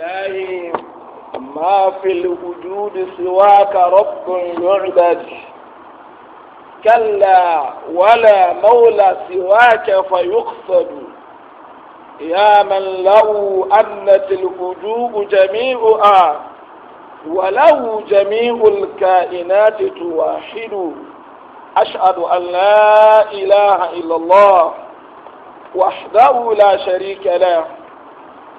إلهي ما في الوجود سواك رب يعبد كلا ولا مولى سواك فيقصد يا من له أنت الوجوب جميعها وله جميع الكائنات تواحد أشهد أن لا إله إلا الله وحده لا شريك له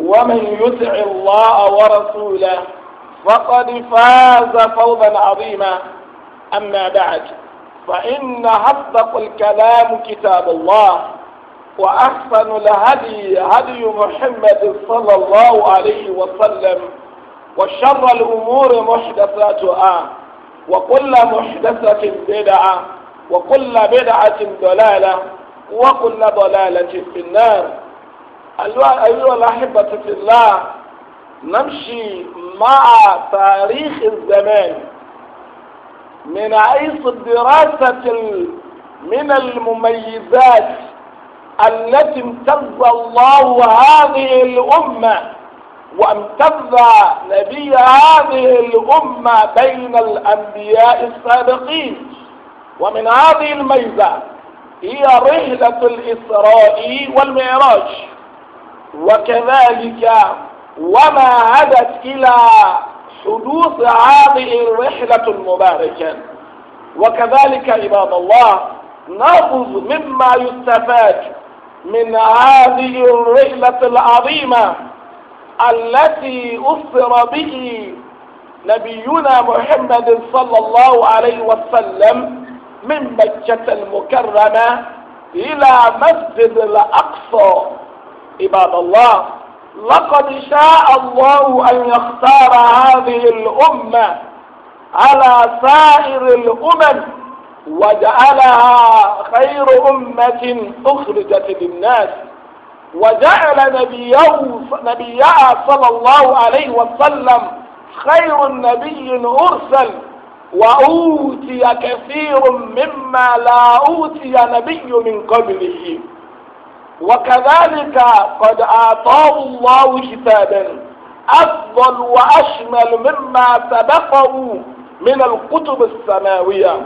ومن يطع الله ورسوله فقد فاز فوزا عظيما أما بعد فإن أصدق الكلام كتاب الله وأحسن الهدي هدي محمد صلى الله عليه وسلم وشر الأمور محدثاتها وكل محدثة بدعة وكل بدعة ضلالة وكل ضلالة في النار أيها الأحبة في الله نمشي مع تاريخ الزمان من حيث دراسة من المميزات التي امتز الله هذه الأمة وامتز نبي هذه الأمة بين الأنبياء السابقين ومن هذه الميزة هي رحلة الإسراء والمعراج وكذلك وما هدت إلى حدوث هذه الرحلة المباركة وكذلك عباد الله نأخذ مما يستفاد من هذه الرحلة العظيمة التي أسر به نبينا محمد صلى الله عليه وسلم من مكة المكرمة إلى مسجد الأقصى عباد الله لقد شاء الله أن يختار هذه الأمة على سائر الأمم وجعلها خير أمة أخرجت للناس وجعل نبيه نبيها صلى الله عليه وسلم خير نبي أرسل وأوتي كثير مما لا أوتي نبي من قبله وكذلك قد أعطاه الله كتابا أفضل وأشمل مما سبقه من الكتب السماوية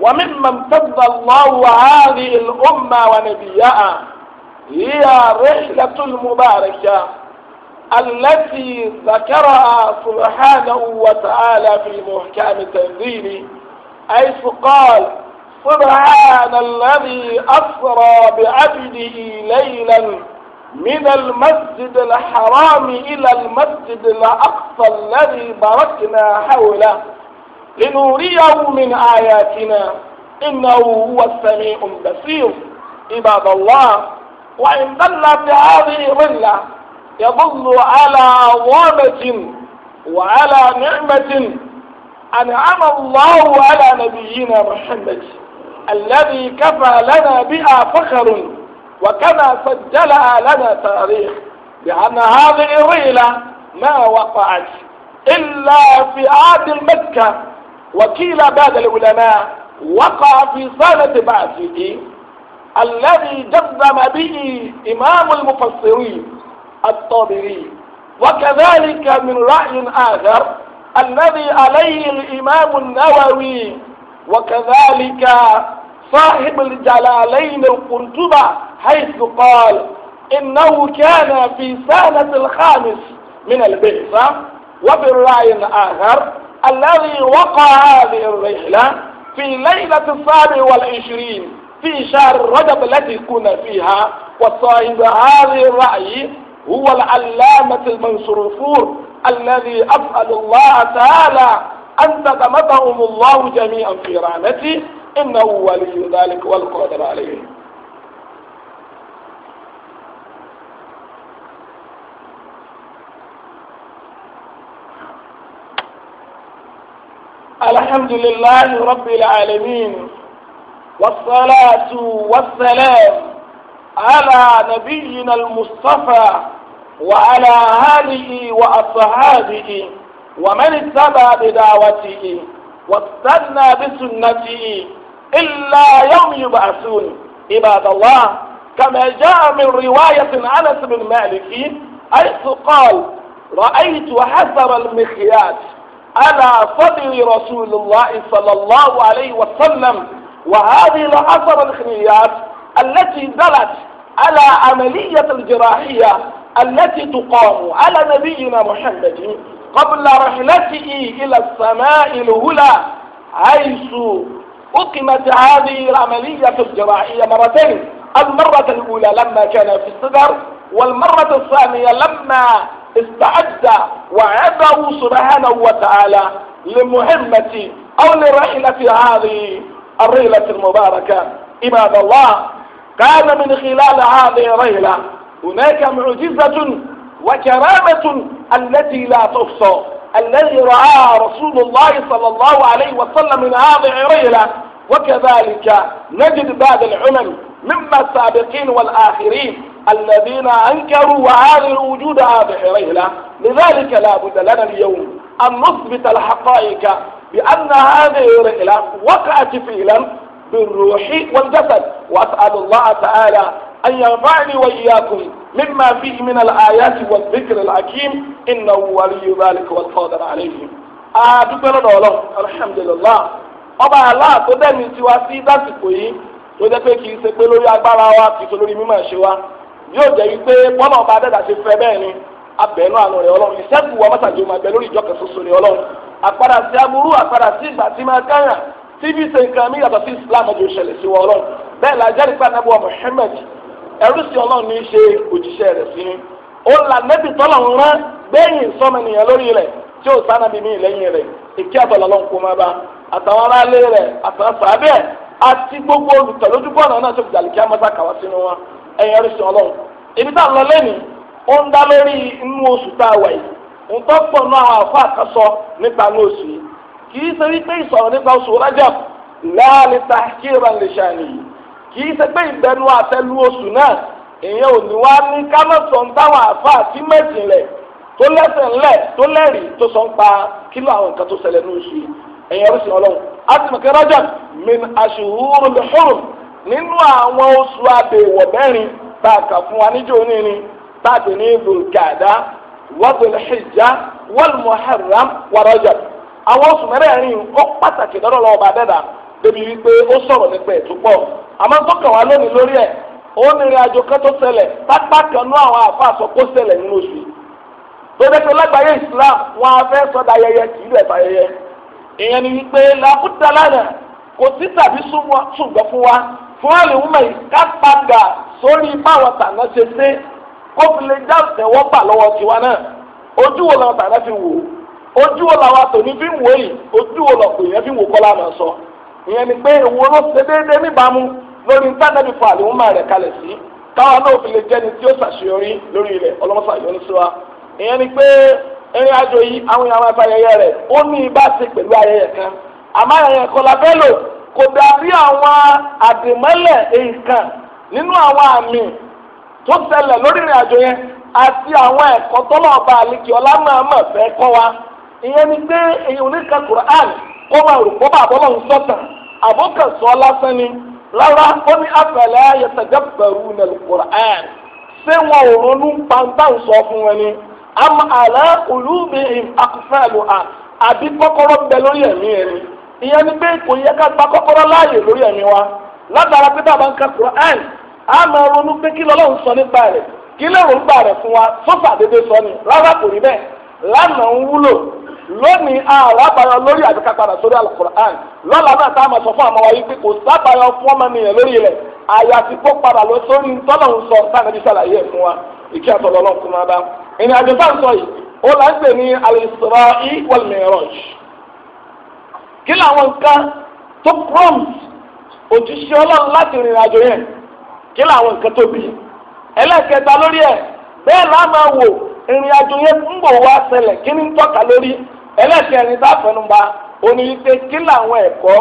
ومما امتد الله هذه الأمة ونبيها هي رحلة المباركة التي ذكرها سبحانه وتعالى في محكام تنزيله حيث قال سبحان الذي أسرى بعبده ليلا من المسجد الحرام إلى المسجد الأقصى الذي باركنا حوله لنريه من آياتنا إنه هو السميع البصير عباد الله وإن في هذه ظلة يظل على عظمة وعلى نعمة أنعم الله على نبينا محمد الذي كفى لنا بها فخر وكما سجلها لنا تاريخ لأن هذه الريلة ما وقعت إلا في عهد مكة وكيل بعد العلماء وقع في سنة بعثه الذي جزم به إمام المفسرين الطابري وكذلك من رأي آخر الذي عليه الإمام النووي وكذلك صاحب الجلالين القرطبة حيث قال إنه كان في سنة الخامس من البعثة وفي الرأي الآخر الذي وقع هذه الرحلة في ليلة السابع والعشرين في شهر رجب التي كنا فيها وصاحب هذه الرأي هو العلامة الفور الذي أسأل الله تعالى أن تدمتهم الله جميعا في رحمته إنه ولي ذلك والقادر عليه الحمد لله رب العالمين والصلاة والسلام على نبينا المصطفى وعلى آله وأصحابه ومن اتبع بدعوته واستنى بسنته إلا يوم يبعثون عباد الله كما جاء من رواية أنس بن مالك حيث قال رأيت حسر المخيات على صدر رسول الله صلى الله عليه وسلم وهذه لحسر الخنيات التي دلت على عملية الجراحية التي تقام على نبينا محمد قبل رحلته إلى السماء الهلى حيث أقيمت هذه العملية الجراحية مرتين المرة الأولى لما كان في الصدر والمرة الثانية لما استعد وعبه سبحانه وتعالى لمهمة أو لرحلة هذه الرحلة المباركة عباد الله كان من خلال هذه الرحلة هناك معجزة وكرامة التي لا تحصى الذي رآها رسول الله صلى الله عليه وسلم من هذه الرحلة وكذلك نجد بعض العلم مما السابقين والآخرين الذين أنكروا وعارضوا وجود هذه الرحلة لذلك لا بد لنا اليوم أن نثبت الحقائق بأن هذه الرحلة وقعت فعلا بالروح والجسد وأسأل الله تعالى أن ينفعني وإياكم مما فيه من الآيات والذكر الحكيم إنه ولي ذلك والقادر عليه آه الحمد لله ọba aláà tó dẹ́mi tiwa sí lásìkò yìí tó jẹ́ pé kì í ṣe pé lórí agbára wa kì í ṣe lórí mímọ̀ ṣe wa yóò jẹ́ wípé bọ́lá ọba adẹ́dà ṣe fẹ́ bẹ́ẹ̀ ni abẹ́nú àánú rẹ̀ ọlọ́run ìṣẹ́gun wa mọ́tàjì ó máa lórí ìjọkẹ́ soso rẹ̀ ọlọ́run àpadà sí aburú àpadà sí ìgbà tí máa káyàn tí bí ṣe nǹkan mí yàtọ̀ sí Islam ọjọ́ ìṣẹ̀lẹ̀ sí wa ọlọ́run bẹ́ẹ̀ la jẹ́rìí ni ó là nẹ́bí tọ́lọ̀ ń rán gbẹ̀yìn sọ́mọ nìyẹn lórí rẹ̀ tí ó sánà bí mí lẹ́yìn rẹ̀ àtàwọn aráalé rẹ̀ àtàwọn sàbẹ̀ àti gbogbo olùtẹ̀lójúbọ̀ ọ̀nà náà tó fi dàlùkí amọ́sá kàwá sínú wọn ẹ̀yìn ọ̀rẹ́sìn ọlọ́run ibi tá à ń lọ lẹ́nìí ó ń dá lórí inú oṣù tá a wà yìí nǹkan pọ̀ náà àwọn àfọ àkàsọ nípa inú oṣù yìí kì í ṣe wípé ìsọ̀rọ̀ nípa oṣù Rajab láàlẹ́ ta kí ìrọ̀ lè ṣàní yìí kì í ṣe pé ìbẹnu àtẹlu oṣù náà èèyàn ò ní wá ní kámọ́sọ̀ ń táwọn àfọ àti mẹ́tìlẹ̀ tó lẹ́sẹ̀ ńlẹ̀ tó lẹ́rìí tó sọ ń pa kílò àwọn nǹkan tó ṣẹlẹ̀ ní oṣù yìí ẹ̀yin ọ̀rọ̀ ọlọ́run asimike roger min aṣuhuru lẹ́fọ́rùn nínú àwọn oṣù abẹ́wọ̀ mẹ́rin a kà fún wa níjó ní ni a ti ní wa àwọn oṣù mẹ́rẹ̀ẹ̀rin ó pàtàkì lọ́dọ̀ lọ́wọ́ bá dẹ́dà débi wípé ó sọ̀rọ̀ nípa ẹ̀tún pọ̀ àmọ́ tó kàn wá lónìí lórí ẹ̀ ó ní ìrìn àjò kan tó pápá kan àwọn àfa àsọ kó nínú oṣù tó lágbàáyé Islam èèyàn ni wípé làbúdà lánàá kò sí tàbí ṣùgbọ́n fún wa fún àlèwúmọ̀ yìí ká padà sórí báwọn tàná ṣe ṣe kó fi lè já ìtẹ̀wọ́ bà lọ́wọ́ tiwa náà ojú wo làwọn tàná fi wò ó ojú wo làwọn àtòní fi wò yìí ojú wo lọ̀pọ̀ èèyàn fi wò kọ́lá máa sọ ìyẹn ni pé èwo ló ṣe déédéé níbàámu lórí ntánẹ́bì fún àlèwúmọ̀ rẹ̀ kalẹ̀ sí káwọn náà fi lè jẹ́ni tí ó ṣàṣeyọrí lórí ilẹ̀ ọlọ́mọṣà yọ ìrìn àjò yìí àwọn èèyàn máa ṣayẹyẹ rẹ̀ ó ní ibà sí pẹ̀lú ayẹyẹ kan ayẹyẹ kan la kò dàbí àwọn àdìmọ́lẹ̀ nǹkan nínú àwọn àmì tó ṣẹlẹ̀ lórí ìrìn àjò yẹn àti àwọn ẹ̀kọ́ tọ́lọ́ọ̀bà àlekì ọlámọ̀ọ́mọ̀ wa ìyẹn ni pé èyàn oníkan Qur'an kó máa rò kó bàbá ọlọ́run lásán ni rárá ó ní quran ṣé wọn am ala qulubihim aqfaluha àbí kọ́kọ́rọ́ bẹ lórí ẹ̀mí ẹni ìyẹn ni pé kò yẹ ká gba kọ́kọ́rọ́ láàyè lórí ẹ̀mí wa látara pé bàbá ń ka Qur'an á máa ronú pé kí sọ nípa rẹ̀ kí lèrò ń gbà rẹ̀ fún wa sọ́fà dédé sọ ni rárá kò rí bẹ́ẹ̀ lánàá ń wúlò lónìí lórí sórí alukur'an lọ́la náà tá a máa sọ fún wáyé pé kò sábàyọ fún ọmọ nìyẹn lórí rẹ̀ àyàfi kó ìrìn àjò tá à ń sọ yìí ó là ń pè ní kí làwọn nǹkan tó prompt òjíṣẹ́ ọlọ́run láti rìnrìn àjò yẹn kí làwọn nǹkan tó bí ẹlẹ́kẹta lórí ẹ̀ bẹ́ẹ̀ là máa wò ìrìn àjò yẹn ń bò wá ṣẹlẹ̀ kí ni ń tọ́ka lórí ẹlẹ́kẹrin tá a kí làwọn ẹ̀kọ́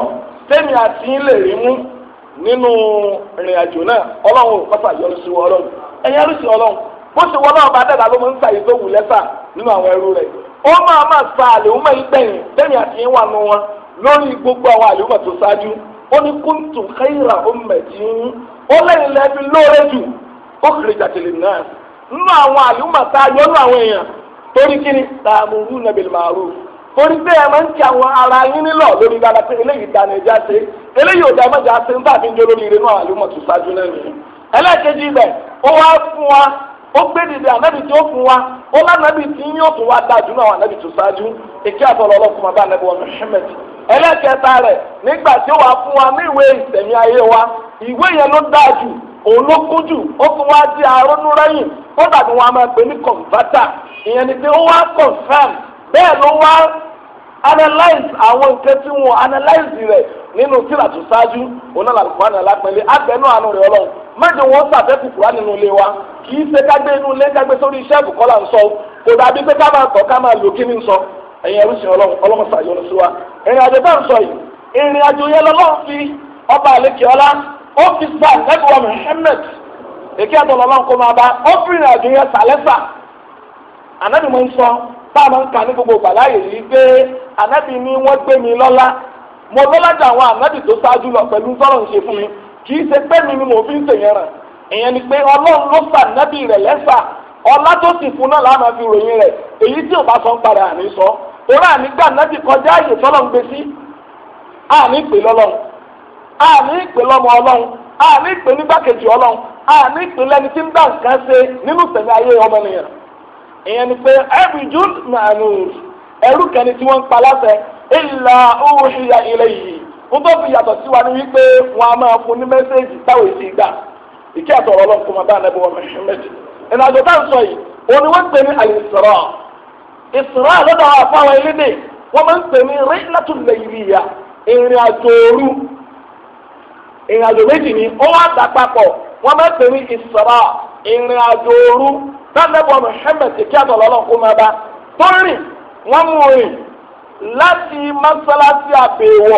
tẹ́mi àti yín bó ṣe wọlé ọba dàda ló máa ń sàyè tó wù lẹ́sà nínú àwọn ẹrú rẹ̀ ó máa máa sa àlèhùnmọ́ yìí gbẹ̀yìn lẹ́yìn àti yín wà nù wọn lórí gbogbo àwọn àlèhùnmọ́ tó ṣáájú ó ní kúntù khayra ummatin ó lẹ́yìn lẹ́bi lóore jù ó kiri jàkìlì náà nínú àwọn àlèhùnmọ́ tá a yọ nínú àwọn èèyàn torí kíni ta'muruna bil ma'ruf torí pé ẹ máa ń ti àwọn ara yín nílọ̀ lórí dára pé eléyìí dáná ẹja ṣe eléyìí òdà ó gbé dìde ànábì tí ó fún wa ó lánàbì tí yín ó fún wa dájú náà ànábì tó ṣáájú èké àtọ̀lọ́ ọlọ́kùnrin bàbá ànábì wa Muhammad ẹlẹ́kẹta rẹ̀ nígbà tí ó wà fún wa ní ìwé ìsẹ̀mí ayé wa ìwé yẹn ló dáa jù òun ló kún jù ó fún wa di àrónú rẹ́yìn kódà ni wọ́n á máa pè ní kọ̀ǹfàtà ìyẹn ni pé ó wá confirm bẹ́ẹ̀ ló wá analyze àwọn nǹkan tí wọ́n analyze rẹ̀ nínú tírà tó ṣáájú òun náà làlùkò àná lápẹ́lẹ́ abẹ́nú àánú rẹ̀ ọlọ́run mẹ́jọ wọn sàfẹ́kù kúrá nínú ilé wa kì í ṣe ká gbé inú ilé ká gbé sórí iṣẹ́ ìbùkọ́ là ń sọ kò dàbí pé ká máa ká máa lò kí ni ń sọ ẹ̀yin ẹrú sìn ọlọ́run ọlọ́run sí wa ìrìn àjò ọba àlekè ọlá ó fi sa èké kó máa bá ó fi ìrìn àjò yẹn sàlẹ́sà ànábì mo ń sọ ń kà ní lọ kì í ṣe pé mi ni mo fi ń ṣèyàn rẹ̀ ìyẹn ni pé ọlọ́run ló fà nábì rẹ̀ lẹ́sà ọlá tó sì fún náà láàmà fi ròyìn rẹ̀ èyí tí ò bá sọ ń padà àní sọ òun àní gbà nábì kọjá àyè tọ́lọ̀ ń gbé sí àní ìpè lọ́lọ́run àní ìpè lọ́mọ ọlọ́run àní ìpè nígbàkejì ọlọ́run àní ìpè lẹ́ni tí ń dá nǹkan ṣe nínú tẹ̀mí ayé ọmọnìyàn ìyẹn ni pé ẹ̀rù kẹni tí wọ́n ń pa láṣẹ ìlà òwò ìyá ilé yìí fún tó fi yàtọ̀ sí wa ní wípé wọn a máa fún ní mẹ́sẹ́ẹ̀jì táwọn èsì gbà ìkí àtọ̀ ọ̀rọ̀ ọlọ́run kò máa bá ànábì mẹ́sẹ́ẹ̀jì ìrìn àjò tá à ń sọ yìí òun ni wọ́n ń pè ní ìsọ̀rọ̀ àlọ́dọ̀ wọ́n máa ń pè ní ìrìn àjò òru ìrìn àjò méjì ni ó wá dà wọ́n máa ń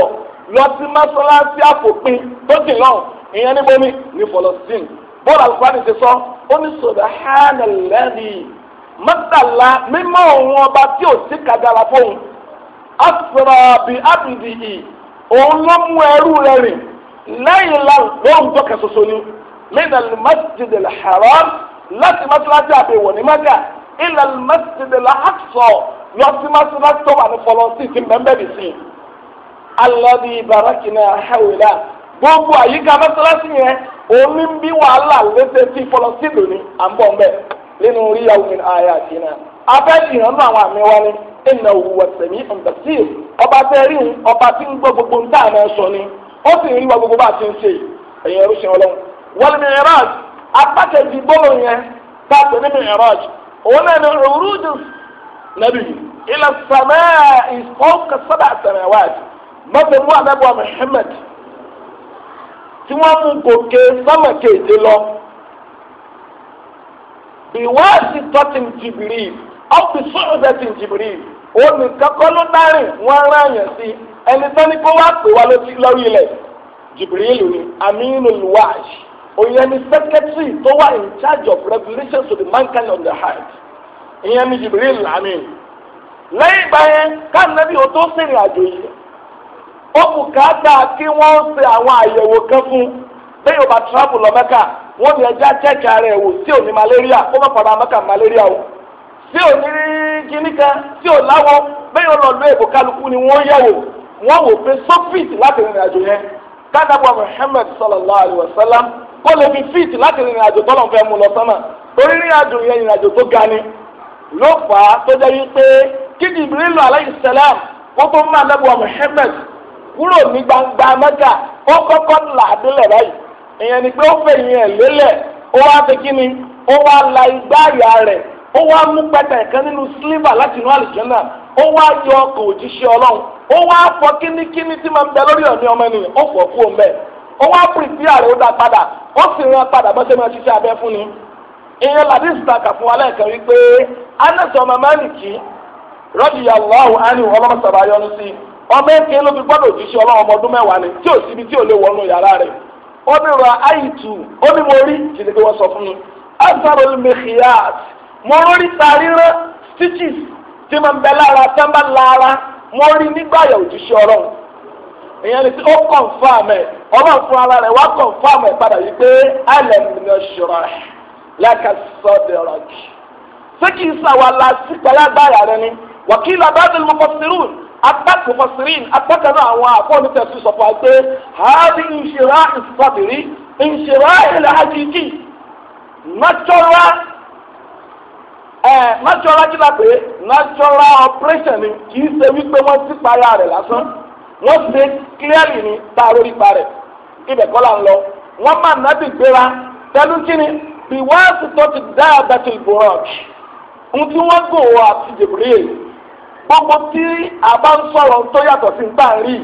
lọ sí mọ́sálásí àpòpin tó jìn náà ìyẹn níbo ni ní fọlọ́sìn bọ́ọ̀lù àlùfáàdì ti sọ ó ní sọ̀rọ̀ hánàlẹ́rì mọ́tàlá mímọ́ òun ọba tí ò sí kàgàrà fóun asọ̀rọ̀ bíi ábìdìyì òun ló mú ẹrú rẹ̀ rìn lẹ́yìn lọ́rùn lóhùn tó kẹ́ soso ni mina masjid al-haram láti mọ́sálásí àbẹ̀wò ní mẹ́kà ilẹ̀ masjid al-aqsa lọ sí mọ́sálásí tó wà ní fọlọ́sìn ti bẹ́ẹ̀ bẹ́ẹ̀ bì alọ́bí barakina hawila gbogbo àyíká yẹn omi ń bí wàhálà tí sí lónìí à ń bọ̀ nínú àwọn àmì wa ni ọ̀dọ̀tì ọba ń ọba tí ń gbọ́ gbogbo ń sọ ni ó sì ń rí wa gbogbo bá a ti ń ṣe ẹ̀yìn ẹ̀rú ṣe ọlọ́run wọ́n mi ìraj apákẹ́jì gbọ́dọ̀ yẹn bá a pè ní mi òun náà ni rúdùs nàbì ilẹ̀ sàmẹ́ mọ́tòmú anábọ̀ Muhammad tí wọ́n mú gòkè sámà kéde lọ ìwádìí tọ́tìm jìbìrì ọ́fì sọ́ọ̀dẹ́tìm jìbìrì onìkan kọ́ ló dárìn wọ́n ráyàn sí ẹni tó ní kó wá pè wá lórí ilẹ̀ jìbìrì ìlú ni aminu luwaj òyìn ni secretary tó wà in charge of regulations of the mankind on the heart ìyẹn ni jìbìrì ìlú amin lẹ́yìn ìgbà yẹn káàmì nàbí o tó sẹ́yìn àjò yìí. ó bùkátà kí wọ́n ṣe àwọn àyẹ̀wò kan fún pé yóò bá travel lọ mẹ́kà wọ́n ní ẹja chẹ́kì ara ẹ̀ wò sí òní malaria ó bá padà mẹ́kà malaria o sí òní kíní kan sí òláwọ́ pé yóò lọ ni wọ́n yẹ̀wò wọ́n wò pé sọ́fìt láti rìnrìn àjò yẹn sallallahu alayhi wa sallam kó fit láti rìnrìn àjò ni ló fà á tó jẹ́ wípé kí kúrò ní gbangba mẹ́ta ó kọ́kọ́ là á délẹ̀ báyìí èèyàn ni pé ó fẹ̀yìn ẹ̀ lélẹ̀ ó wá fi kí ni ó wá la igbá àyà rẹ̀ ó wá mú pẹ́tà ẹ̀kan nínú sílífà láti inú ó wá yọ ọkọ̀ òjíṣẹ́ ọlọ́run ó wá fọ kínníkínní tí máa ń bẹ lórí ọ̀ní ọmọ ó fọ̀ kú ó wá ó dá padà ó sì ọmọ ẹkẹ ló fi gbọ́dọ̀ jíṣẹ́ Ọlọ́run ọmọ ọdún mẹ́wàá ni tí ò síbi tí ò lè wọnú yàrá rẹ̀ ó ní ra àìtù ó ní mo rí jìnnì pé wọ́n sọ fún mi asarol mihiyat mo rí tarírán stitches tí mo ń bẹ lára tí wọ́n bá lára mo rí nígbà yà òjíṣẹ́ Ọlọ́run ìyẹn ni ó confam ẹ Ọlọ́run fún ara rẹ̀ wá confam ẹ padà yìí pé alẹ́ mi ni ọ̀ṣọ́ra lákàtúntò ṣé kì í sàwọn aláṣípẹ́ lágbára rẹ ni wàkìlá bá ti lọ́kọ̀ sírù apákan fọsirin apákan náà àwọn àfọwọ́nì tẹ̀sí sọ̀fọ̀ àgbẹ̀ hàbí ìṣẹ̀rá ìfọ̀bìrí ìṣẹ̀rá ìlà àjèjì natural ẹ̀ eh, natural kí la natural operation ni kì í ṣe wípé wọ́n ti para rẹ̀ lásán wọ́n ṣe clearly ni tá a lórí pa rẹ̀ ibẹ̀ kọ́ la ń lọ wọ́n máa nábì gbéra pẹ̀lú kíni bí wọ́n á sì tọ́ ti dáadáa ti ìbò hàn ohun tí wọ́n gò àti jìbìrì èyí gbogbo tí a bá ń sọ̀rọ̀ tó yàtọ̀ sí nta rí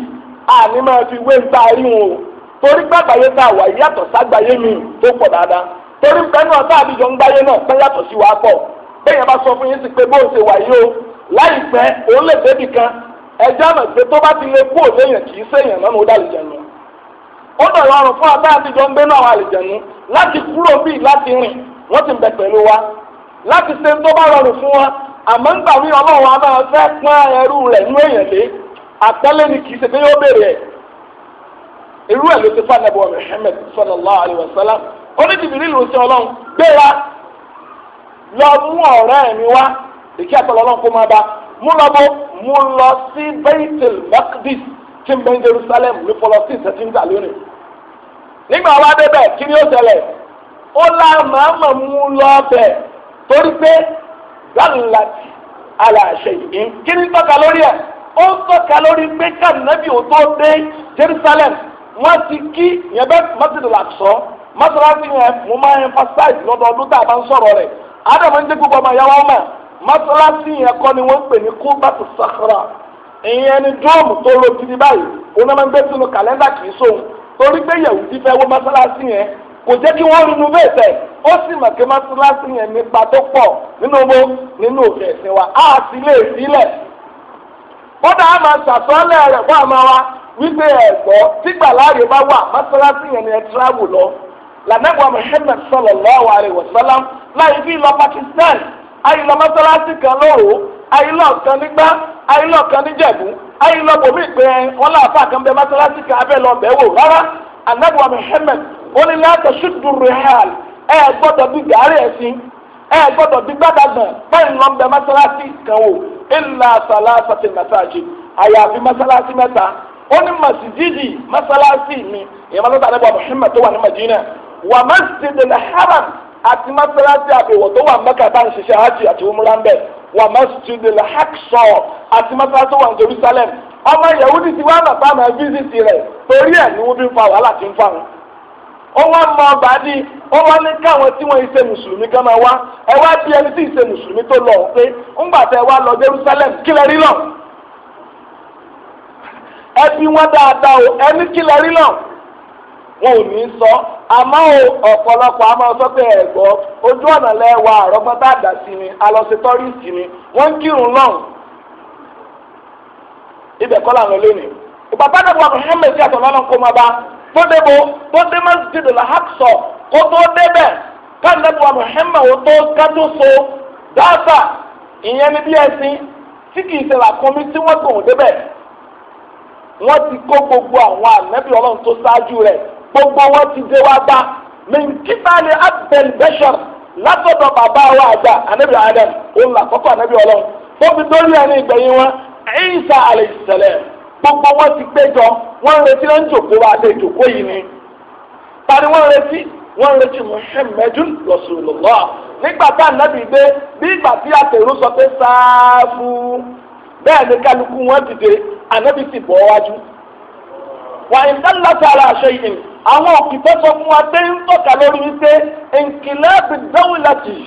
àní máa fi wé nta rí wọn o torí pé àgbáyé tá a wà yàtọ̀ ságbáyé mi tó pọ̀ dáadáa torí pé náà tá a bí jọ ń gbáyé náà pé yàtọ̀ sí wa pọ̀ bẹ́ẹ̀ bá sọ fún yín sí pé bó o ṣe wà yìí o láìpẹ́ òun lè débi kan ẹjọ́ àmọ̀ pé tó bá ti lè kú òléyàn kì í séyàn mọ́nu ó dàlù jẹ̀nu ó dọ̀rọ̀ ọrùn fún abẹ́ àtijọ́ ń gbénú àwọn àlìjẹ̀nu láti kúrò bíi láti rìn wọ́n ti ń bẹ pẹ̀lú àmọ́ ń gbà wí ọlọ́run a máa fẹ́ pọ́n ẹrú rẹ̀ nú èèyàn lé àtẹ́lẹ́ ni kì í ṣe pé yóò béèrè ẹ̀ irú ẹ̀ ló ti fà nàbọ̀ Muhammad sallallahu alayhi wa sallam onídìbìrì ló ṣe ọlọ́run gbéra lọ mú ọ̀rẹ́ mi wá èkí àtọ́lọ́ ọlọ́run kó máa bá mú lọ bó mú lọ sí Baitul Maqdis tí ń bẹ ní Jerusalem ní pọlọsí ìtẹ́tí ń tà lónìí nígbà wá débẹ̀ kí ni ó ṣẹlẹ̀ ó lá màmá mú lọ bẹ̀ torí pé lálàtì aláṣẹ yìí kí ni tọ́ka lórí ẹ̀ ó tọ́ka lórí pé kànáàbì ò tó dé Jerusalem wọ́n ti kí yẹn bẹ́ẹ̀ mọ́tìdì làkṣọ́ mọ́tìláṣí yẹn mo máa ń emphasize lọ́dọọdún tá a bá ń sọ̀rọ̀ rẹ̀ ádámù ń dé gbogbo ọmọ ìyá wa ọmọ mọ́tìláṣí yẹn kọ́ ni wọ́n ń pè ní kúbàtù sàkárà ìyẹn ni dóòmù tó lójú ní báyìí onímọ̀ ń gbé sínú kàlẹ́ndà kì sóhun torí pé yẹ̀wù ti fẹ́ wó mọ́tìláṣí yẹn kò jẹ́ kí wọ́n ronú bẹ́ẹ̀ ó sì mọ̀ pé mọ́sálásí yẹn nípa tó pọ̀ nínú owó nínú òfin ẹ̀sìn wa á sì lè sílẹ̀ kódà á máa ṣàtọ́lẹ̀ rẹ̀ fún àmọ́ wa wípé ẹ̀gbọ́ tígbà láàyè bá wà mọ́sálásí yẹn ni ẹ lọ lànàgbà Muhammad sallallahu alaihi Pakistan lọ kan lóru lọ kan nígbà lọ kan lọ bòmí ó ní láti ṣùdùrù hàl ẹ gbọ́dọ̀ bí gàárì ẹ̀sìn ẹ gbọ́dọ̀ bí gbàdàgbọ̀n bẹ́ẹ̀ ń lọ bẹ mọ́sálásí kan o ìlà sàlásàtì mẹ́sàájì àyàfi mọ́sálásí mẹ́ta ó ní màsídìdì mọ́sálásí mi ìyẹn mọ́sálásí àdébọ̀ Muhammad tó wà ní Madina wà mọ́sídìdì haram àti mọ́sálásí àbẹ̀wò tó wà Mẹ́kà bá ń ṣiṣẹ́ hajj àti umrah ń bẹ̀ wà mọ́sídìdì al-Aqsa àti mọ́sálásí wà ní Jerusalem ọmọ Yahudi ti wá bàbá mi visit rẹ̀ torí ẹ̀ ni wọ́n fi ń fa wàhálà ti ń fa wọn. ó wá mọ ọgbà ní ní káwọn tí wọ́n ṣe mùsùlùmí kan máa wá ẹ wá ẹni tí mùsùlùmí tó lọ pé ńgbà tẹ wá lọ Jerusalem kí lẹ rí ẹbí wọn dáadáa o ẹni kí lẹ rí wọn ò ní sọ àmọ́ ọ̀pọ̀lọpọ̀ àmọ́ sọ́pẹ́ ẹ̀gbọ́ ojú ọ̀nà lẹ́wà àrọ́gbọ́tà àdàsí ni alọ́sítọ́rìsì ni wọ́n ń kírun náà ibẹ̀ kọ́ làwọn lónìí wa bódébò bódé masjidul haksọ kó tó débẹ̀ kánàbù muhammed wò tó kájú so dáàtà ìyẹn ní bí ẹsìn tí kìí ṣe wọ́n ti kó gbogbo àwọn anabi rẹ̀ gbogbo wọn ti dé wa àgbà ànábì adam òun làkọ́kọ́ ànábì ọlọ́run tó fi dórí Isa gbogbo wọn ti péjọ wọn retí ló ń jòkó wa lè jòkó yìí ni tani wọn retí wọn retí muhammadu rasulullah nígbà tá ànábì gbé bí ìgbà tí àtẹrù sọ pé sáfù bẹ́ẹ̀ ni kálukú wọn dìde ànábì sì bọ́ wájú. wà á ìdánilásí ara àṣẹ yìí àwọn òkìtẹ́ sọ fún wa pé ń tọ́ka lórí wípé ìnkìlẹ́bì dawlati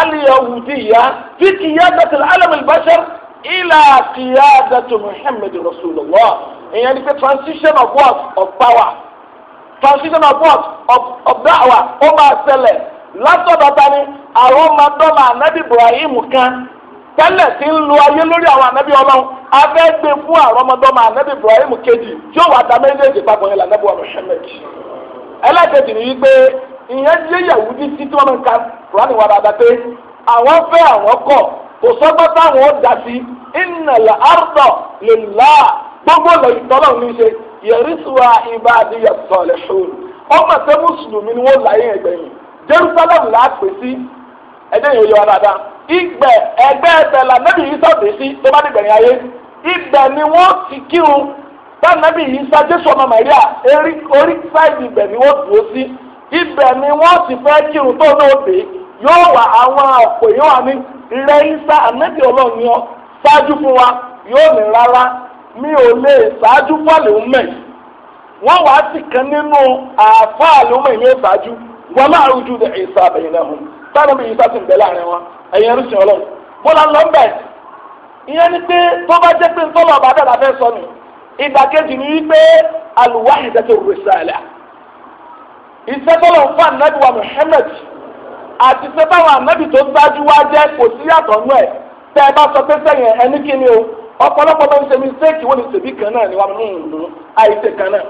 al-yahudiyya fi qiyadati al-alam al-bashar. ila qiyadatu muhammed rasulullah ìyẹn ni pé transition of what of power transition of what of of da'wa ó máa ṣẹlẹ̀ látọ̀dọ̀ tani àwọn anabi ibrahim kan tẹ́lẹ̀ tí ń lo ayé lórí àwọn anabi ọlọ́run abẹ́ gbé fún àwọn anabi ibrahim kejì tí ó wà dá méjèèjì papọ̀ yẹn lànàbọ̀ ni wípé ìyẹn jẹ́ yahudi títí wọn kan kúránì wà dáadáa pé kò sọ́gbọ́n táwọn ó dà sí innal arda lillah gbogbo ìtọ́lọ̀ ní ṣe yarisuha ibadiyas salihun ọmọ tẹ mùsùlùmí ni wọ́n láyé ẹgbẹ̀yìn Jerusalem là á pè sí ẹgbẹ́ yìí yọ dáadáa ìgbẹ́ ẹgbẹ́ ẹgbẹ́ la nẹ́bí yìí sọ̀tẹ̀ sí tó bá dìgbẹ̀yìn ayé ìgbẹ́ ni wọ́n ti kírun bá nẹ́bí yìí sá Jésù ọmọ Màríà orí sáìdì ìgbẹ́ ni wọ́n dúró sí ìgbẹ́ ni wọ́n ti fẹ́ kírun tó náà dé yóò wà àwọn ọ̀pọ̀ yóò wà ní isa ànábì ṣáájú fún wa yóò ní rárá mi ò lè ṣáájú fọ́ọ̀lù mẹ́ wọ́n wàá sì kan nínú ìṣáájú wọn máa rújú dé ìṣá àbẹ̀yìn náà hùn táwọn ọmọ ìṣá sì ń bẹ láàrin wọn ẹ̀yìn ọlọ́run lọ bẹ̀ ìyẹn ni pé tó bá jẹ́ pé ọba dàda fẹ́ sọ àti ṣe báwọn ànábì tó ṣáájú wá jẹ́ kò sí yàtọ̀ nú ẹ̀ tẹ́ ẹ bá sọ pé sẹ́yìn ẹni kí ni o ọ̀pọ̀lọpọ̀ ló ń ṣe mistake wọ́n ní ṣèbí kan náà ni wọ́n mú un lò àìṣe kan náà.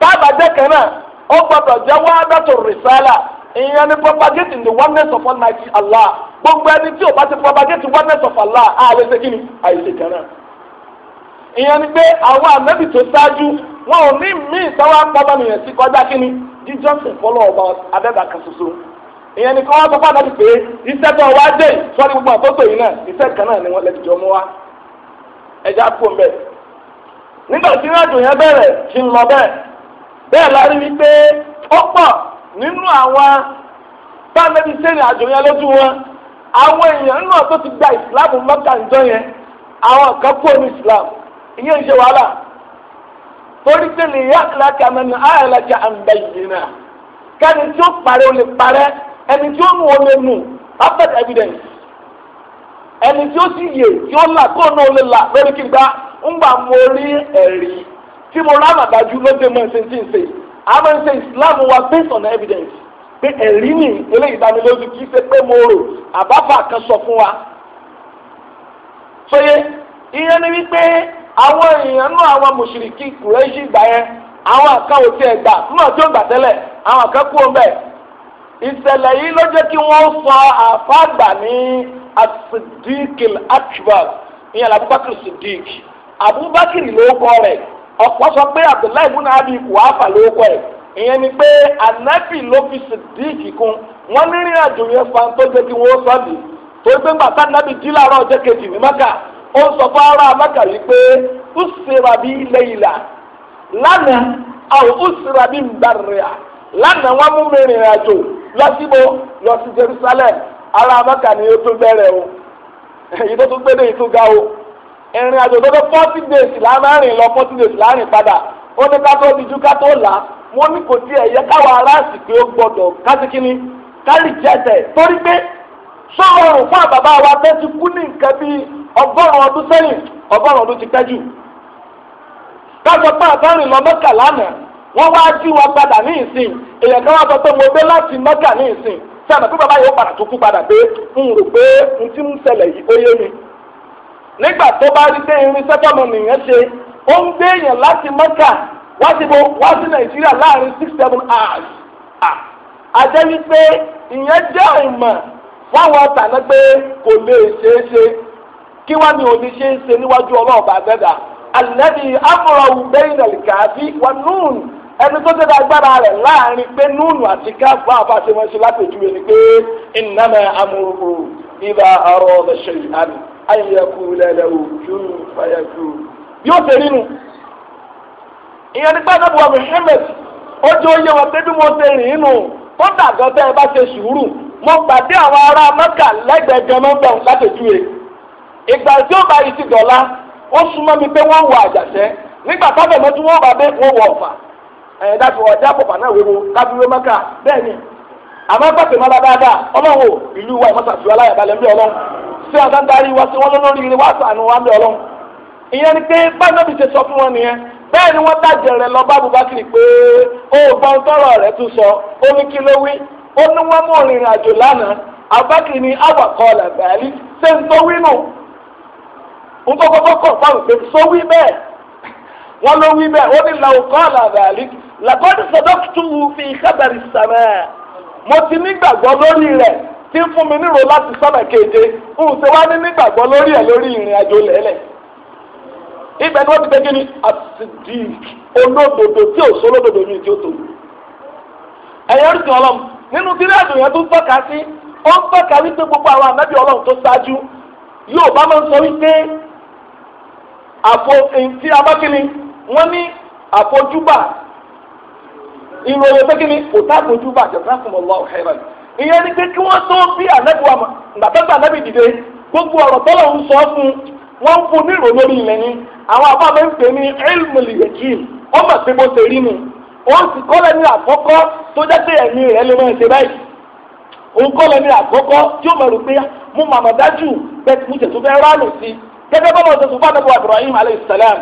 táàbà jẹ́ kan náà ó gbọ́dọ̀ jẹ́ wahdatur risala ìyẹn ni propagate in the oneness of Almighty Allah gbogbo ẹni tí o bá ti propagate oneness of Allah àlẹ́ ṣe kí ni àìṣe kan náà. ìyẹn ni pé àwọn ànábì tó ṣáájú wọn ò ní mí ìsáwá pọ́nmọ́nìyàn sí kọjá kí ni jíjọ́sìn fọlọ́ ọba abẹ́gbà kan ṣoṣo. ìyẹn ni kí wọ́n sọ fún àdájú pé iṣẹ́ tó wá dé sọ́ọ́ni gbogbo àkókò yìí náà iṣẹ́ kan náà ni wọ́n lè jọ mú wa ẹja kú ọ̀nbẹ. nígbà tí ìrìnàjò yẹn bẹ̀rẹ̀ ti ń lọ bẹ́ẹ̀ bẹ́ẹ̀ la rí wípé ó pọ̀ nínú àwọn àjò yẹn lójú wọn àwọn èèyàn náà tó ti gba ìsìláàmù ìjọ yẹn àwọn kan kú omi ìsìláàmù ìyẹn wàhálà torí ẹni tí ó mú wọn lè nu evidence ẹni tí ó sì yè tí ó là kó náà lè là lórí kí n mo rí ẹ̀rí tí mo rámà dájú lóde Islam wa based on evidence pé ẹ̀rí ni eléyìí dánilójú kì í ṣe pé mo rò kan sọ fún wa. sọyẹ ìyẹn ni wípé àwọn èèyàn náà àwọn mùsùlùmí kúrẹ́ṣì gbà yẹn àwọn àkàwọ̀ tí ẹ̀ gbà náà tó gbà tẹ́lẹ̀ àwọn ìṣẹ̀lẹ̀ yìí ló jẹ́ kí wọ́n sọ àfàgbà ní asidikil akbar ìyẹn abubakar sidik abubakar ló kọ rẹ̀ ọ̀pọ̀ sọ pé abdullahi ibn abi kuhafa ló kọ ẹ̀ ìyẹn ni pé anabi ló fi sidik kún wọ́n ní rìn àjò yẹn fa tó jẹ́ kí wọ́n sọ di tó maka ó sọ fún maka yìí pé usira bi leila àwọn bi wọn mú mi lọ sí mo lọ sí Jerusalem ará Mẹ́kà ni ó tún bẹ̀rẹ̀ o èyí tó tún gbédè ìtún ga o ìrìn àjò tó tó forty days láàárín lọ forty days láàárín padà ó ní ká tó dijú ká tó là wọ́n ní kò tiẹ̀ yẹ káwọn aráàsì pé ó gbọ́dọ̀ kásìkínní kálí jẹsẹ̀ torí pé sọ́ọ̀rùn fún àbàbà wa tẹ́ ti kú ní nǹkan bíi ọgọ́rùn-ún ọdún sẹ́yìn ọgọ́rùn-ún ọdún ti pẹ́ jù ká sọ pé àtọ́rìn lọ Mẹ́kà lánàá wọ́n wá jí wa padà ní ìsìn èèyàn kan wá sọ pé mo gbé láti mọ́gà ní ìsìn tí àmọ́ pé bàbá yóò padà tó kú padà pé n rò pé n ti ń ṣẹlẹ̀ yìí ó yé mi. nígbà tó bá rí pé irinṣẹ́ tọ́mọ nìyẹn ṣe ó ń gbé èèyàn láti mọ́gà wá sí nàìjíríà láàrin six seven hours. àjẹ́ wípé ìyẹn jẹ́ ìmọ̀ fáwọn ọ̀tàná pé kò lè ṣeé ṣe kí wá ní òní ṣeé ṣe níwájú ọlọ́ọ̀bà àgbẹ̀dà alẹ́ ẹni tó tẹ́lẹ̀ agbára rẹ̀ láàrin pé núùnù àti káfà àfàṣe wọn ṣe ni pé innama amruhu idha arada shay'an an yaqula lahu kun fayakun. yóò ṣe nínú ìyẹn nípa náà buwa Muhammad ó jẹ́ wọn pé bí mo ṣe rìn inú tó dàgọ́ tẹ́ ẹ bá ṣe sùúrù mo pàdé àwọn ará Mẹ́kà lẹ́gbẹ̀ẹ́ gan mọ́gbọ̀n ìgbà tí ó bá yìí ti dọ̀la ó súnmọ́ mi pé wọ́n wọ àjàṣẹ́ nígbà wọ́n bá dé ẹ̀ dábò ọjà pọ̀pà náà wéwo kábíwé bẹ́ẹ̀ ni àmọ́ pàṣẹ máa dáadáa ọlọ́run ìlú wa ìmọ̀tàṣù ọlọ́run wa sí wọn lórí ire wá sànù wa ń ni pé sọ fún wọn nìyẹn bẹ́ẹ̀ ni wọ́n lọ bá pé ó gbọ́n tọrọ rẹ̀ tún sọ ó kí ló wí ó ní wọ́n mú àjò lánàá ni awàkọ́ làkọ́dí sọ̀dọ́kítùmù fi kábàrì sàmẹ́ mo ti nígbàgbọ́ lórí rẹ̀ tí ń fún mi nírò láti sọ́nà keje ń ṣe wá ní nígbàgbọ́ lórí ẹ̀ lórí ìrìn àjò lẹ́lẹ̀ ibẹ̀ ni wọ́n ti gbé kí ni àtìdí olódodo tí ò sólódodo mi tí ó tó ẹ̀yẹ́ rìsìn ọlọ́m nínú tí rẹ́ẹ̀dù yẹn tó ń tọ́ka sí ó ń tọ́ka wípé gbogbo àwọn ànábì ọlọ́run tó ṣáájú yóò bá máa ń wọ́n ní àfojúbà ìròyìn pé kí ni kò tá àpòjú bàjẹ́ sáfùmọ̀lá ọ̀hẹ́rẹ́ ìyẹn ni pé kí wọ́n tó bí ànábì wa gbàtẹ́gbà ànábì dìde gbogbo ọ̀rọ̀ tọ́lọ̀ ń sọ fún wọ́n ń fún ní ni àwọn àbá mi ń pè ní ilmùlì yakin wọ́n mọ̀ pé ṣe rí nu wọ́n sì kọ́lẹ̀ ní àkọ́kọ́ tó jẹ́ pé ẹ̀mí rẹ̀ ló máa ṣe báyìí kọ́lẹ̀ ní àkọ́kọ́ tí ó pé mo bẹ́ẹ̀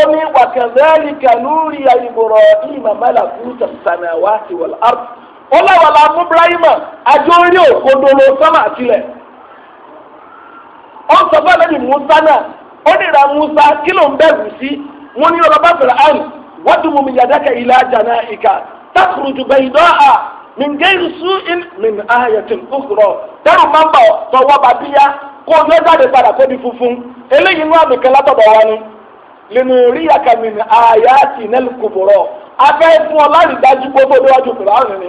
omi wàkàzẹ́ẹ̀lìkà lórí àyìnbọ̀rọ̀ ìmọ̀ mẹ́la kúrúta sàmìwá ti wọ̀lá àrùn. ó láwọn la mú Ibrahima àjọ orí òkodoro sọ́mà àtìlẹ̀. ó sọ fún ẹlẹ́bi Musa náà ó nira Musa kí ló ń bẹ̀rù sí wọn ní ọlọ́ba fẹ̀rẹ̀ àrùn wọ́n ti mú mi yàdáka ilé ajá náà ìka tákùrùjù bẹ́yìn dọ́ọ̀à min gẹ́rù sùn min ayatin ukurọ̀ dẹ́rù máa ń bọ̀ tọwọ́ bàbíyá kó o yọ jáde padà kó di funfun eléyìí inú àmì kan látọ̀dọ̀ wa ni. linuriyaka min ayatina al-kubra afẹ́ fún ọ láti gbogbo níwájú fìlànà ni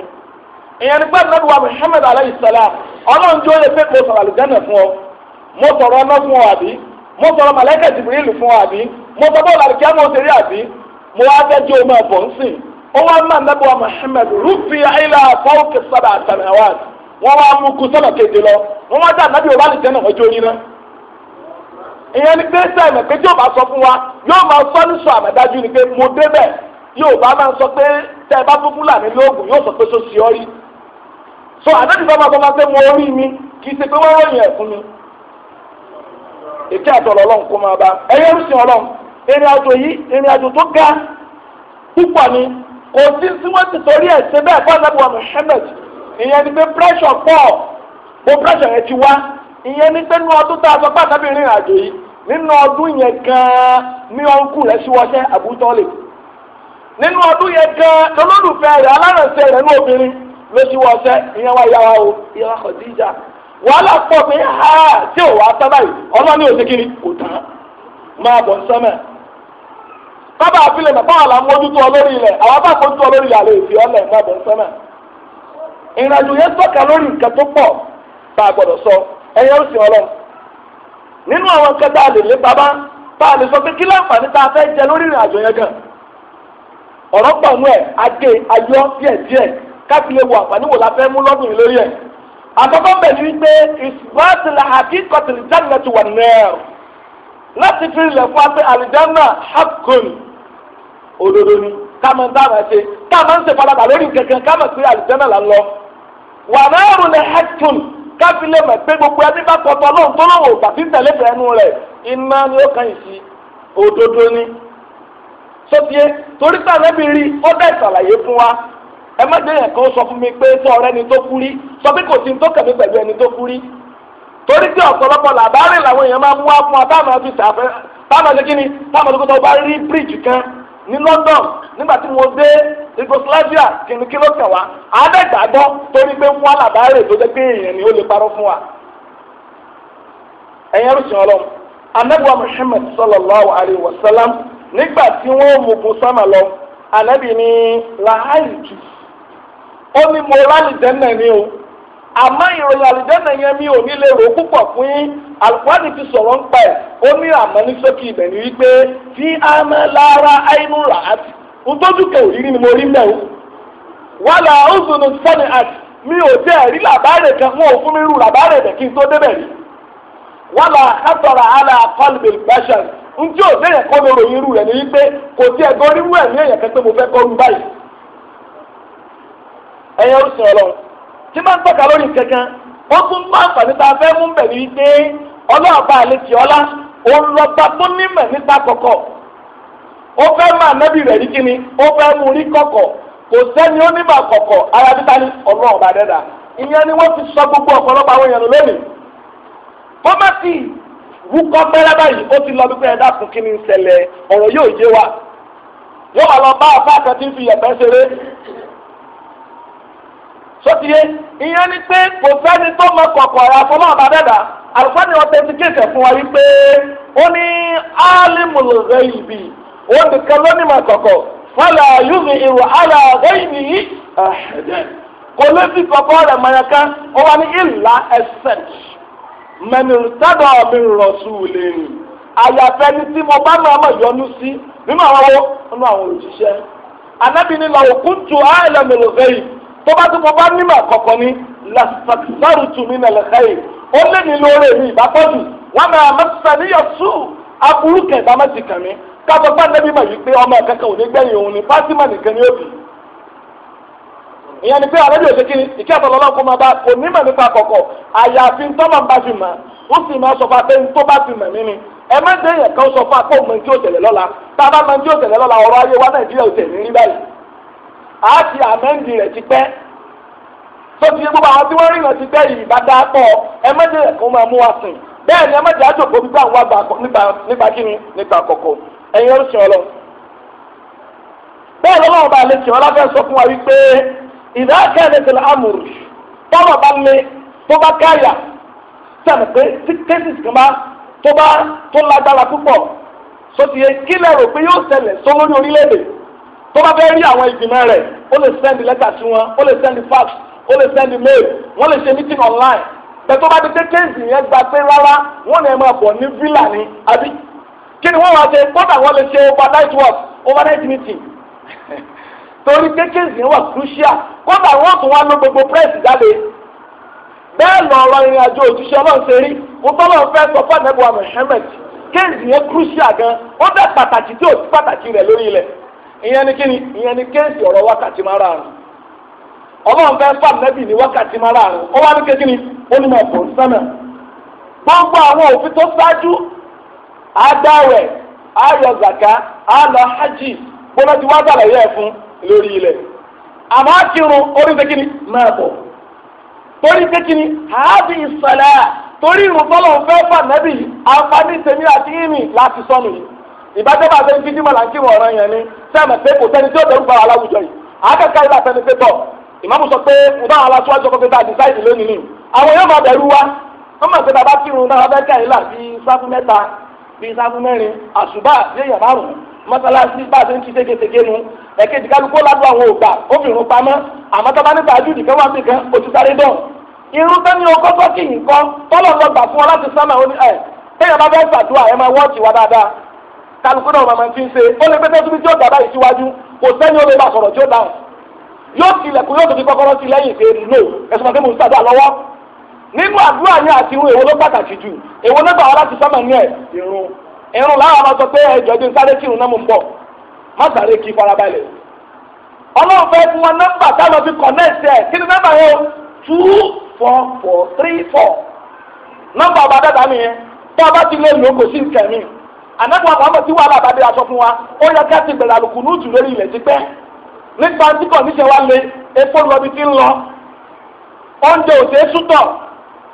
ìyẹn nípa nàbí wa muhammed alayhi salam ọlọ́run tí ó lè pé kó sọ̀rọ̀ fún ọ mo sọ̀rọ̀ ọ̀nà fún ọ àbí mo sọ̀rọ̀ màláíkà jìbìrìlù fún ọ àbí mo sọ bọ́ọ̀lù àdìkí àmọ́ àbí mo wá fẹ́ jẹ́ omi wa muhammed fọ́ọ̀kì ìyẹn ni pé sẹ́ẹ̀mẹ̀ pé tí yóò bá sọ fún wa yóò máa sọ ní sọ àmọ̀dájú ni pé mo débẹ̀ yóò bá máa sọ pé tẹ́ ẹ bá fún fúlàní lóògùn yóò sọ pé so sí ọ rí so àdájú sọ ma sọ ma pé mo rí mi kì í ṣe pé wọ́n ròyìn ẹ̀ fún mi èké àtọ̀lọ̀ ọlọ́run kó máa bá ẹ̀yẹ́ rúṣin ọlọ́run ìrìn àjò yìí ìrìn àjò tó ga púpọ̀ ni kò sí tí wọ́n ti torí ẹ̀ ṣe bẹ́ẹ̀ fún ànábì wa Muhammad ìyẹn ni pé pressure pọ̀ bó pressure yẹn ti ìyẹn ní pẹ́ẹ́nu ọdún tá a sọ pàtàkì rìn àjò yìí nínú ọdún yẹn gan-an ní ọ̀nkù rẹ̀ síwọ́sẹ́ àbútọ́lẹ̀ nínú ọdún yẹn gan-an lọ́lọ́dúnfẹ́ rẹ̀ alárànṣẹ́ rẹ̀ ní obìnrin ló síwọ́sẹ́ ìyẹn wá yàrá o ìyàrá wàhálà pọ̀ pé ha tí ò wá sábà yìí ọlọ́ni ò sékiri kò tán máa bọ̀ sọ́mẹ̀ àfilẹ̀ àlà mójútó ẹ̀yẹ́ ó sì ọlọ́run nínú àwọn nǹkan tá a lè lé bàbá tá a lè sọ pé kí láǹfààní tá a fẹ́ jẹ lórí ìrìn àjò yẹn gan ọ̀rọ̀ pọ̀ nú ẹ̀ adé ayọ́ díẹ̀díẹ̀ káfílẹ̀ wo àǹfààní wo la fẹ́ mú lọ́dún yìí lórí ẹ̀ àkọ́kọ́ bẹ̀ ni wípé ìsìbáàtìlà àkíkọ̀tìlì jáde ti wà nẹ́ẹ̀rù láti fi ilẹ̀ fún apẹ́ àlìjáná hapkoni òdodo ni káàmù dáhà ṣe káàmù ń ṣe padà lórí kankan káàmù pé àlìjáná là ń lọ wà nẹ́ẹ̀rù ni hapkoni káfílẹ̀ mọ̀ pé gbogbo ẹni bá kọtọ lóhùn tó lóhùn ògbà tí tẹ̀lé fẹ́nu rẹ̀ iná ni ó kàn yìí sí òdodo ni. sọ́tiẹ́ torí sàrẹ́bì rí ó dá ìsàlàyé fún wa ẹ má dé yẹn kan sọ fún mi pé tí ọ̀rẹ́ ni tó kú rí sọ pé kò sí ní tó kẹ̀mí pẹ̀lú ẹni tó kú rí. torí pé ọ̀pọ̀lọpọ̀ làbárè làwọn èèyàn máa mú wá fún wa táwọn fi sàfẹ́ táwọn ṣe kí ni táwọn ṣe kó tó bá rí bíríìjì kan ní London nígbà tí mo dé Yugoslavia kìnnì kí ló kàn wá àádẹ́gbàgbọ́ torí pé fún alábàárè tó jẹ́ pé èèyàn ni ó lè parọ́ fún wa. ẹ̀yin arúgbó ọlọ́run anábìwá Muhammad sallallahu alayhi wa sallam nígbà tí wọ́n mú gun sámà lọ anábì ní làhàìjù ó ní mo rálìjẹ́nà ni o àmọ́ ìròyìn àlìjẹ́nà yẹn mi ò ní lè rò púpọ̀ fún yín àlùkwádìí ti sọ̀rọ̀ ń pa ẹ̀ ó ní àmọ́ ní sókè ibẹ̀ ni wípé tí a máa lára àìmúra àti ntọ́júkẹ́ òrírí ni mo rí mẹ́wọ́ wàlà ọ̀zọ̀nù sọ́ni àti mi ò jẹ́ ẹ̀rí kan wọn ò fún mi rú làbárẹ̀ rẹ̀ kí n tó débẹ̀ rí wàlà àtọ̀rà àlà kọ́lùbẹ̀ gbàṣà ntí ò dé yẹn kọ́ ló ròyìn irú rẹ̀ ní wípé kò tí rí ẹ̀mí mo fẹ́ kọ́ rú báyìí ẹ̀yẹ ó sìn ọlọ́run tí máa ń tọ́ka lórí kankan ó tún ó fẹ́ mọ ànábì rẹ̀ ní kíni ó fẹ́ mú rí kọ̀kọ̀ kò sẹ́ni ó nímọ̀ kọ̀kọ̀ ara títa ní ọlọ́run bá dẹ́dà ìyẹn ni wọ́n ti sọ gbogbo ọ̀pọ̀lọpọ̀ àwọn èèyàn lónìí fọ́mátì wúkọ́ pẹ́rẹ́ báyìí ó ti lọ ń ṣẹlẹ̀ wa wà lọ bá tí ń fi yẹ̀pẹ́ ṣeré sọ́tìyé ìyẹn ni pé kò sẹ́ni tó mọ kọ̀kọ̀ dẹ́dà ni òun nìkan ló ní màkọ̀kọ̀ fọlá yúzi ìwà àlà ọ̀gẹ́yìn yìí kò lè fi kọ̀kọ́ rẹ̀ mọ̀nyàká ó wà ní ìlà ẹsẹ̀ mẹ̀nìrìtàdọ̀ mi rọ̀ sùúlẹ̀ ni àyàfẹ́ ni tí mo bá máa mọ̀ yọnu sí nínú àwọn owó nínú àwọn òṣìṣẹ́ anábì ní làwọn kúntù àìlẹ̀ mẹ̀lẹ́fẹ́yì tó bá tí mo bá nímọ̀ kọ̀kọ̀ ni làṣàkìsàrù tù mí nàlẹ́fẹ́yì ó lé kátó fáńdẹ́bí mà yi pé ọmọ kankan ò ní gbẹ̀yìn òun ni Fátímà nìkan ni ó bì ìyẹn ni pé àlejò ṣe ni ìkí àtọ̀lọ́lọ́ kó máa bá onímọ̀ nípa àyàfi ntọ́mọ̀ bá fi ó sì máa sọ fún ni a bá mọ tí ó tẹ̀lé lọ́la ọ̀rọ̀ ayé wa Nàìjíríà ò tẹ̀lé ní báyìí a ti àmẹ́ǹdì rẹ̀ wa sìn bẹ́ẹ̀ ni ẹ má dé ẹ̀yin ọ̀rùsìn ọlọ. bẹ́ẹ̀ lọ́wọ́ ọba àlejò ọláfẹ́ sọ fún wa wípé ìdákẹ́rẹ́ ti lámùrù tọ́wọ́ bá lé tó bá káyà sẹ́mi pé tí kéésìsì kan bá tó bá tó lágbára púpọ̀ sotiye kí lẹ rò pé yóò ṣẹlẹ̀ sọ lórí orílẹ̀-èdè tó bá fẹ́ rí àwọn ìgbìmọ̀ rẹ̀ ó lè sẹ́ndì lẹ́tà sí wọn ó lè sẹ́ndì fax ó lè sẹ́ndì mail wọ́n lè ṣe meeting online pẹ̀tọ́ bá ti dé kéésì yẹn gba pé rárá wọ́n ní ẹ máa bọ̀ ní fílà ni àbí kí ni wọ́n wá ṣe kódà wọ́n lè ṣe overnight work overnight meeting torí kékeré yẹn wà crucial kódà wọ́n tún wá lọ gbogbo press jáde bẹ́ẹ̀ lọ̀rọ̀ ìrìn àjò òjíṣẹ́ ọlọ́run ṣe rí mọ́tọ́lọ́ fẹ́ sọ fún àdẹ́bùwà Muhammad kéèsì yẹn crucial gan ó dẹ̀ pàtàkì tí ò sí pàtàkì rẹ̀ lórí ilẹ̀ ìyẹn ni kíni ìyẹn ni kéèsì ọ̀rọ̀ wákàtí márààrún ọlọ́run fẹ́ fún àdẹ́bì ní wákàtí márààrún ó wá ní kékeré ó ní gbogbo àwọn òfin tó ṣáájú adáwẹ̀ ayọ̀ alọ hajj gbọ́dọ̀ tí wọ́n sàlàyé ẹ̀ fún lórí ilẹ̀ àmọ́ akírun orí máa torí pékinni àábì ìsàlẹ̀ torí irun tọ́lọ̀ fà nẹ́bì àǹfààní tèmi àti ìmì láti sọnù yìí ìbájọba àti ibi yẹn ni pé kò tí ó dẹrù láwùjọ yìí àwọn lónìí wa wọ́n mọ̀ pé bàbá kírun náà wọ́n fẹ́ bíi sago mẹ́rin àṣùbà léèyàn márùn-ún mọ́sálásí bá a ti ń ti ségesège nu ẹ̀kejì kálukú ládùn àwọn ògbà obìnrin pamọ́ àmọ́ tó bá ní tàájú nìkan wá sí kan ojú sáré dán irú tẹ́ni o kọ́kọ́ kì í kọ́ tọ́lọ̀ lọ gbà fún ọ láti sánmà ó ní ẹ̀ téèyàn bá fẹ́ gbàdúrà ẹ máa wọ́ọ̀tì wa dáadáa kálukú náà màmá ti ń ṣe ó lè pété síbi tí ó dàbá ìsíwájú kò sẹ́ni ó lè bá sọ̀rọ̀ tí ó dáhùn yóò tilẹ̀kùn yóò nínú àdúrà anya ati irun èwo ló pàtàkì jù èwo ló gbà wá láti sọ́mọ̀ ní ẹ̀ irun irun láwọn máa sọ pé ẹjọ́ ìdí sáré kírun náà mò ń má sáré kí farabalẹ̀ ọlọ́run fẹ́ fún wọn nọ́mbà táwọn fi connect ẹ̀ kí ni nọ́mbà yẹn two four four three four nọ́mbà ọba tó ti lé lò kò sí nǹkan mi ọmọ tí aṣọ fún wa ó yẹ ká ti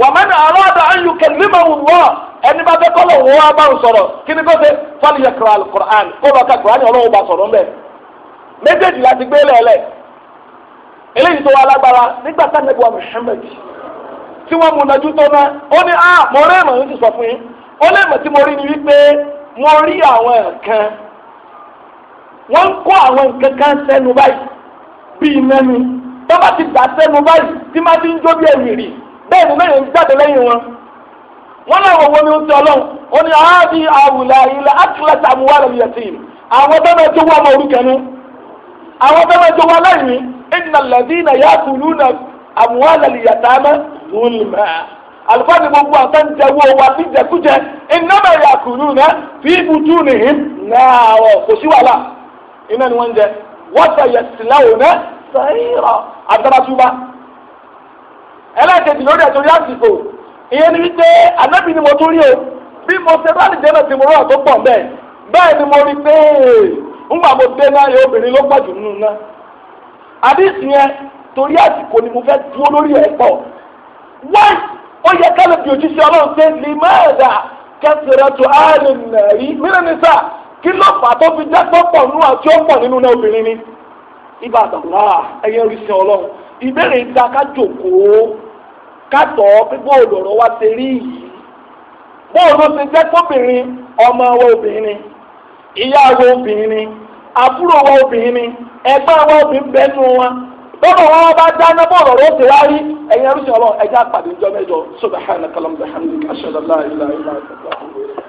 wàmánà aláàdá ayù kẹlímà wùwọ́ ẹni bá fẹ́ kọ́lọ̀ wọ́n bá ń sọ̀rọ̀ kí ni kò ṣe fàlìyà kura alukur'an kó bá ka kur'an ọlọ́wọ́ bá sọ̀rọ̀ mbẹ́ méjèèjì láti gbé eléyìí tó wà lágbára nígbà tá nàbí wa tí wọ́n mú tó ó ní ah, ti sọ fún yín ó lè mọ̀ tí mo rí ni wípé mo rí àwọn nǹkan wọ́n ń kó àwọn nǹkan kan sẹ́nu bẹ́ẹ̀ ni mẹ́rin jáde lẹ́yìn wọn wọ́n náà wọ́n ní oúnjẹ ọlọ́run ó ní àádìí àwùlà ilẹ̀ atlas amuwalẹ̀ yatim àwọn bẹ́ẹ̀ máa tó ọmọ orúkẹ nu àwọn bẹ́ẹ̀ máa tó aláìní ìnà lẹ́dínà yàtúlúnà amuwalẹ̀ yatama ni gbogbo àtẹnudẹwọ wa ti jẹkújẹ ìnáwó yàtúlúnà fi ibùtú nìyí náà kò sí wàhálà iná ni wọ́n ń jẹ wọ́n tẹ̀yẹ̀ ẹlẹ́ẹ̀kejì lórí ẹ̀ torí àsìkò ìyẹn ni wípé anábì ni mo tún rí o bí mo ṣe bá lè jẹ́nà tí mo rọ̀ tó pọ̀ bẹ́ẹ̀ bẹ́ẹ̀ ni mo rí pé ńgbà mo dé náà yóò obìnrin ló pọ̀jù nínú náà àdìsí yẹn torí àsìkò ni mo fẹ́ dúró lórí ẹ̀ pọ̀ wáyé ó yẹ ká lè fi òjíṣẹ́ ọlọ́run ṣe lèmọ́ẹ̀dà kẹsìrẹ́ tó ààrẹ nàrí mìíràn ní sáà kí ló fà tó fi jẹ́ tó pọ̀ nínú àti ó pọ̀ nínú náà obìnrin ni ibà àtàwọn ẹ̀yẹ oríṣi ọlọ́run ìbéèrè ìta ká jòkó kátọ̀ gbígbó òlòrò wa ṣe rí yìí bóòlù ti jẹ́ kóbìnrin ọmọ wa obìnrin ìyá wa obìnrin àbúrò wa obìnrin ẹgbẹ́ wa obìnrin bẹ́nu wọn bọ́bọ̀ wọn bá dáná bọ́ọ̀lù ọ̀rọ̀ ti wá ẹ̀yin ẹrú ọlọ́run ẹja pàdé ìjọ mẹ́jọ subhanaka allahumma wa bihamdika ashhadu an la